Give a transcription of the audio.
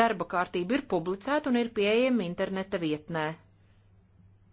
Darba kārtība ir publicēta un ir pieejama interneta vietnē.